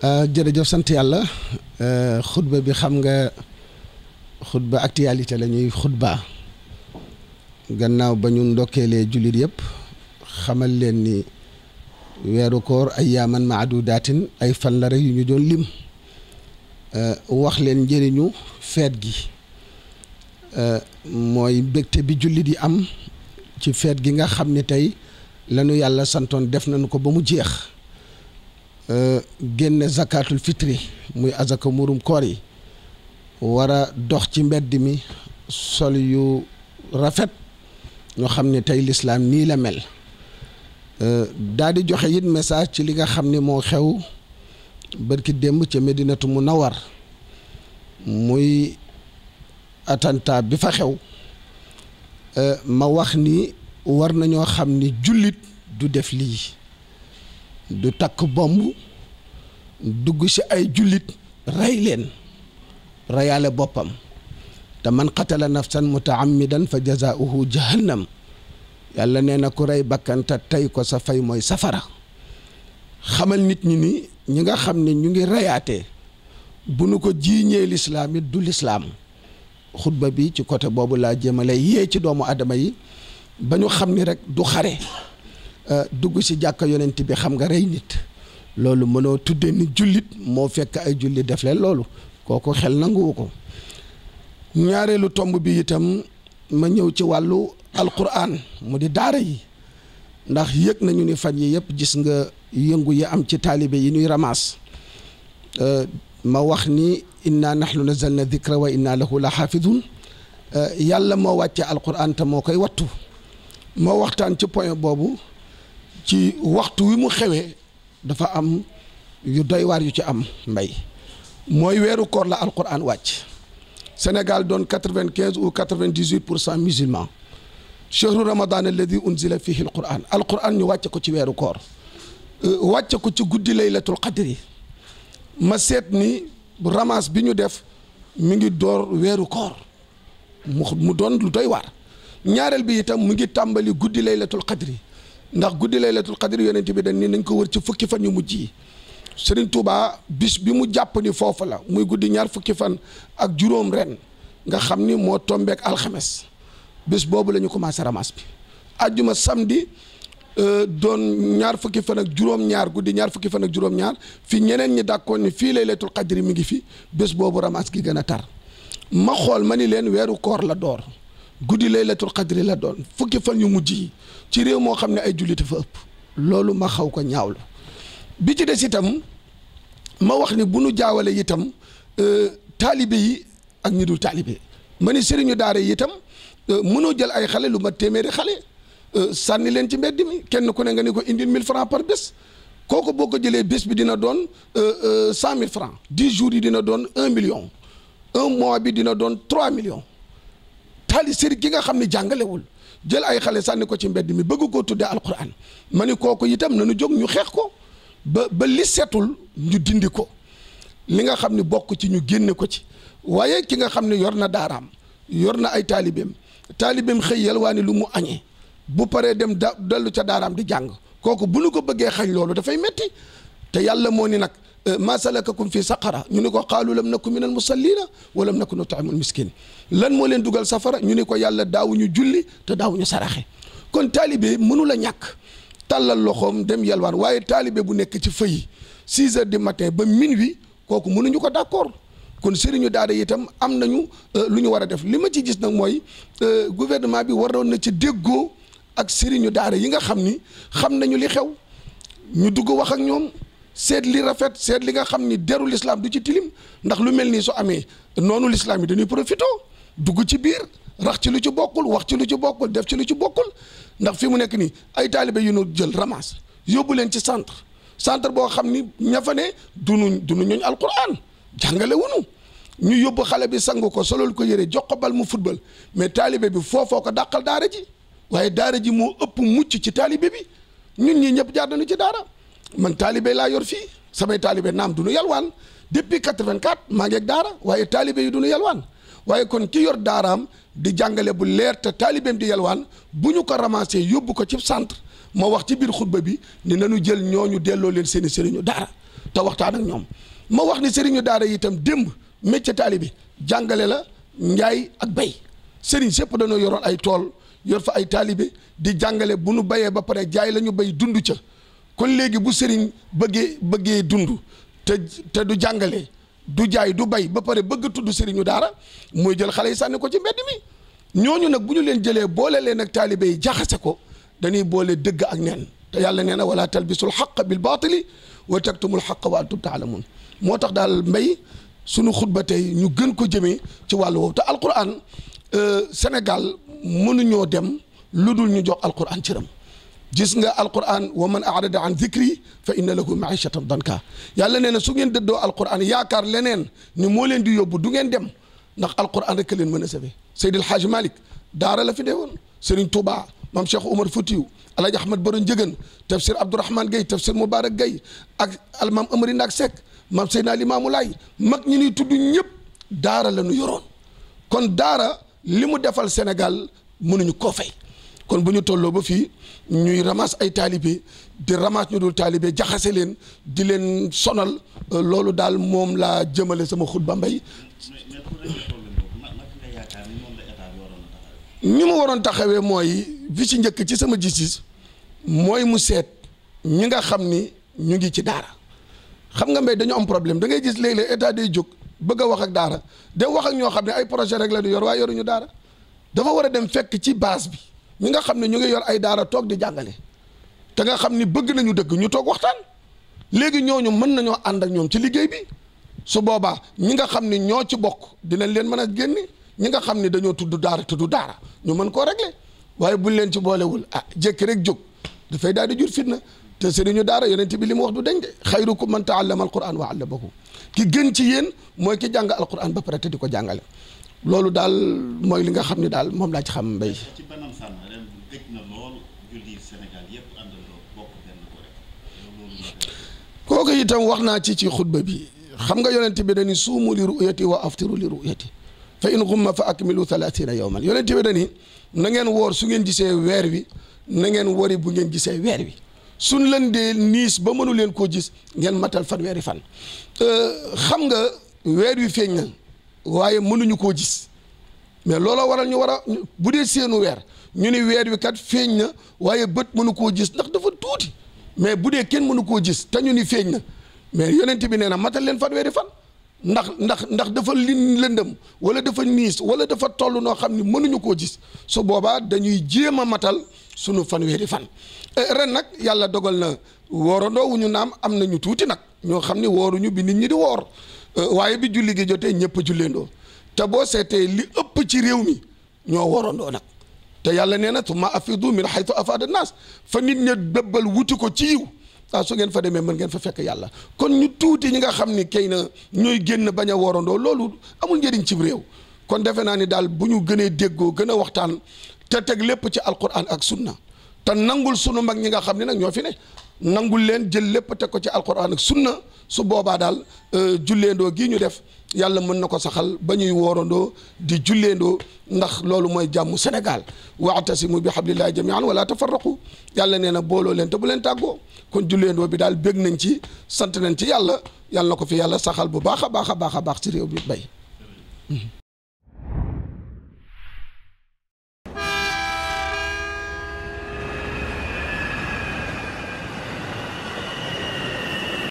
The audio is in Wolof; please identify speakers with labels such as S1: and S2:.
S1: Euh, jërëjëf sant yàlla euh, xutba bi xam nga xutba actualité la ñuy xutba gannaaw ba ñu ndokkeelee jullit yëpp xamal leen ni weeru koor ay yaaman daatin ay fan la rek yu ñu doon lim euh, wax leen njëriñu feet gi mooy mbégte bi jullit yi am ci feet gi nga xam ni tey lañu yàlla santoon def nañu ko ba mu jeex Euh, génne zakatul fitri muy azaka murum koor yi war a dox ci mbedd mi sol yu rafet ñoo xam ne tey lislaam nii la mel euh, daal joxe it message ci li nga xam ni moo xew bërki démb ca Medinatu Munawwar muy attentat bi fa xew euh, ma wax ni war nañoo xam ni jullit du def lii du takk bomb dugg ci ay jullit rey leen reyaale boppam te man qatala nafsan mutaammidan fa jazaauhu jahannam yàlla nee na ku rey bakkan tey ko sa fay mooy safara xamal nit ñi ni ñi nga xam ni ñu ngi reyaatee bu nu ko jiiñee lislaam du lislaam xutba bi ci côté boobu laa jéemale yee ci doomu adama yi ba ñu xam ni rek du xare Euh, dugg ci jàkka yonent bi xam nga rey nit loolu mënoo tuddee ni jullit moo fekk ay jullit def leen loolu kooku xel nanguwu ko ñaareelu tomb bi itam ma ñëw ci wàllu alquran mu di daara yi ndax yëg nañu ni fan yi yëpp gis nga yëngu yi am ci taalibe yi ñuy ramaas euh, ma wax ni inna nahnu nazalna dikra wa inna lahu la xaafidun euh, yàlla moo wàcce alquran te moo koy wattu moo waxtaan ci point boobu ci waxtu wi mu xewee dafa am yu doy waar yu ci am mbay mooy weeru koor la alquran wàcc Sénégal doon quatre-vingt-quinze ou quatre-vingt-dix-huit pour cent musulmans la ramadan alladi unzila fihi alquran alquran ñu wàcce ko ci weeru koor euh, wàcce ko ci guddi laylatul qadri ma seet ni ramas bi ñu def mi ngi door weeru koor mu doon lu doy waar ñaareel bi itam mu ngi tàmbali guddi lay laylatul qadri ndax guddi lay laylatul qadr yonent bi dañ ni nañ ko wër ci fukki fan yu mujj yi Serigne Touba bis bi mu jàpp ni foofu la muy guddi ñaar fukki fan ak juróom ren nga xam ni moo tombeek alxames bis boobu la commencé ramas bi ajjuma samedi euh, doon ñaar fukki fan ak juróom guddi ñaar fukki fan ak juróom-ñaar fi ñeneen ñi dàkkoon ni fii lay leetul qadri mi ngi fi bés boobu ramas gi gën a tar ma xool ma ni leen weeru koor la door guddi laylatul qadri la doon fukki fan yu mujj yi ci réew moo xam ne ay jullit fa ëpp loolu ma xaw ko ñaaw la bi ci des itam ma wax ni bu nu jaawale itam euh, taalibe yi ak ñi dul taalibe ma ni sëriñu daara yi itam euh, mënoo jël ay xale lu ma téeméeri xale euh, sànni leen ci mbedd mi kenn ku ne nga ni ko indi mille francs par bés kooku boo ko jëlee bés bi dina doon cent mille francs 10 jours yi dina doon un million un mois bi dina doon 3 millions taali sëriñ gi nga xam ne jàngalewul jël ay xale sànni ko ci mbedd mi bëgg koo tuddee alquran ma ni kooku itam nanu jóg ñu xeex ko ba ba li setul ñu dindi ko li nga xam ne bokk ci ñu génne ko ci waaye ki nga xam ne yor na daaraam yor na ay taalibeem taalibeem xëy yalwaani lu mu añee bu paree dem da dellu ca daaraam di jàng kooku bu nu ko bëggee xañ loolu dafay metti te yàlla moo ni nag Eh, ma salakakum fi saqara ñu ne ko qaalu lam naku min al musallina am lam naku nut'imul miskin lan moo leen dugal safara ñu ne ko yàlla daawuñu julli te daawuñu saraxe kon taalibe mënula ñàkk tàllal loxoom dem yalwaan waaye taalibe bu nekk ci fëyi 6 heures di matin ba minuit kooku mënuñu ko d'accord kon seriñu daara itam am nañu eh, lu ñu war a def li ma ci gis nag mooy eh, gouvernement bi waroon na ci déggoo ak sëriñu daara yi nga xam ni xam nañu li xew ñu dugg wax ak ñoom seet li rafet seet li nga xam ni deru lislaam du ci tilim ndax lu mel nii su amee noonu l'islam yi dañuy profité dugg ci biir rax ci lu ci bokkul wax ci lu ci bokkul def ci lu ci bokkul ndax fi mu nekk nii ay taalibe yu nu jël ramasse yóbbu leen ci centre centre boo xam ni ña fa ne dunu dunu ñooñ alquran jàngale wunu ñu yóbbu xale bi sangu ko sololu ko yére jox ko bal mu futbal mais taalibe bi foofoo ko dàqal daara ji waaye daara ji moo ëpp mucc ci taalibe bi ñun ñii ñëpp jaar ci daara man taalibe laa yor fii samay taalibe naam du nu yalwaan depuis 84 maa ngi daara waaye taalibe yi du nu yalwaan waaye kon ki yor daaraam di jàngale bu leer te taalibeem di yalwaan bu ñu ko ramassé yóbbu ko ci centre ma wax ci biir xutba bi ni nañu jël ñoo ñu delloo leen seeni i sëriñu daara te waxtaan ak ñoom ma wax ni sëriñu daara yi itam démb métier taalibe jàngale la njaay ak bay sëriñ sépp dañoo yoroon ay tool yor fa ay taalibe di jàngale bu nu bayee ba pare jaay la bay dund ca kon léegi bu sëriñ bëggee bëggee dund te te du jàngale du jaay du bay ba pare bëgg tudd sëriñu daara mooy jël xale yi sànni ko ci mbedd mi ñooñu nag bu ñu leen jëlee boole leen ak taalibe yi jaxase ko dañuy boole dëgg ak neen te yàlla nee na wala talbisul xaq bil baatili wa taktumul xaq wa antum taalamun moo tax daal mbay sunu xutba tey ñu gën ko jëme ci wàll woowu te alquran euh, Sénégal mënuñoo dem lu dul ñu jox alquran cëram gis nga alquran wa man arada an dicri fa inna lahu maishatan danka yàlla nee na su ngeen dëddoo alquran yaakaar leneen ni moo leen di yóbbu du ngeen dem ndax alquran rek leen mën a safe Seydi El malik daara la fi ne woon Serigne Touba maam Cheikh Omar Foutiou Alhaji Ahmad Borom Njëgën tafsir Abdourahmane Gueye tafsir Moubarak gay ak almaam Amari Ndaak Seck maam Seydina Limaamu Laay mag ñi ñuy tudd ñëpp daara la ñu yoroon kon daara li mu defal Sénégal mënuñu koo fay kon bu ñu tolloo ba fii ñuy ramas ay taalibe di ramasse ñu dul taalibe jaxase leen di leen sonal euh, loolu daal moom laa jëmale sama ba mbay ñi mu waroon taxawee mooy bi ci njëkk ci sama gis mooy mu seet ñi nga xam ni ñu ngi ci daara xam nga mbay dañu am problème da ngay gis léeg-léeg état day jóg bëgg a wax ak daara dem wax ak ñoo xam ne ay projet rek la ñu yor waaye yoruñu daara dafa war a dem fekk ci base bi ñi nga xam ne ñu ngi yor ay daara toog di jàngale te nga xam ni bëgg nañu dëgg ñu toog waxtaan léegi ñoo ñu mën nañoo ànd ak ñoom ci liggéey bi su boobaa ñi nga xam ne ñoo ci bokk dinañ leen mën a génne ñi nga xam ne dañoo tudd daara tudd daara ñu mën koo régler waaye buñ leen ci boolewul ah jékki rek jóg dafay daal di jur fitna te sëriñu daara yeneen yonent bi li mu wax du dañ de xayrukum man taallama alquran wa allamahu ki gën ci yéen mooy ki jàng alquran ba pare di ko jàngale loolu daal mooy li nga xam ne daal moom laa ci xam mbay kooku itam wax naa ci ci xutba bi xam nga yonent bi dani suumu li ruyati wa aftiru li ruyati fa in gumma fa akmilu thalathina yawman yonent bi dani na ngeen woor su ngeen gisee weer wi na ngeen wori bu ngeen gisee weer wi suñ leen dee niis ba mënu leen koo gis ngeen matal fan weeri euh, fan xam nga weer wi feeñ na waaye mënuñu koo gis mais looloo waral ñu war a bu dee seenu weer ñu ni weer wi kat feeñ na waaye bët mënu koo gis ndax dafa tuuti mais bu dee kenn mënu koo gis te ñu ni feeñ na mais yonent bi nee na matal leen fanweeri fan ndax ndax ndax dafa lin lëndëm wala dafa niis wala dafa toll noo xam ni mënuñu koo gis su boobaa dañuy jéem a matal sunu fanweeri fan eh, ren nag yàlla dogal na woorandoo wu ñu naam am na ñu tuuti nag ñoo xam ni wooruñu bi nit ñi di woor eh, waaye bi julli gi jotee ñëpp julleendoo te boo seetee li ëpp ci réew mi ñoo woorandoo nag te yàlla nee na summa afidu min haythu afada naas fa nit ña dëbbal wuti ko ci yiw ah su ngeen fa demee mën ngeen fa fekk yàlla kon ñu tuuti ñi nga xam ni kay na ñooy génn bañ a worandoo loolu amul njëriñ ci réew kon defe naa ni daal bu ñu gënee déggoo gën a waxtaan te teg lépp ci alquran ak sunna te nangul sunu mag ñi nga xam ne nag ñoo fi ne nangul leen jël lépp teg ko ci alquran ak sunna su boobaa daal euh, julleendoo gii ñu def yàlla mën na ko saxal ba ñuy woorandoo di julleendoo ndax loolu mooy jàmm Sénégal waatasimu bi hablillahi jamian wala tafarraqu yàlla nee na booloo leen te bu leen tàggoo kon julleendoo bi daal bég nañ ci sant nañ ci yàlla yàlla ko fi yàlla saxal bu baax a baax a baax a baax ci réew bi bay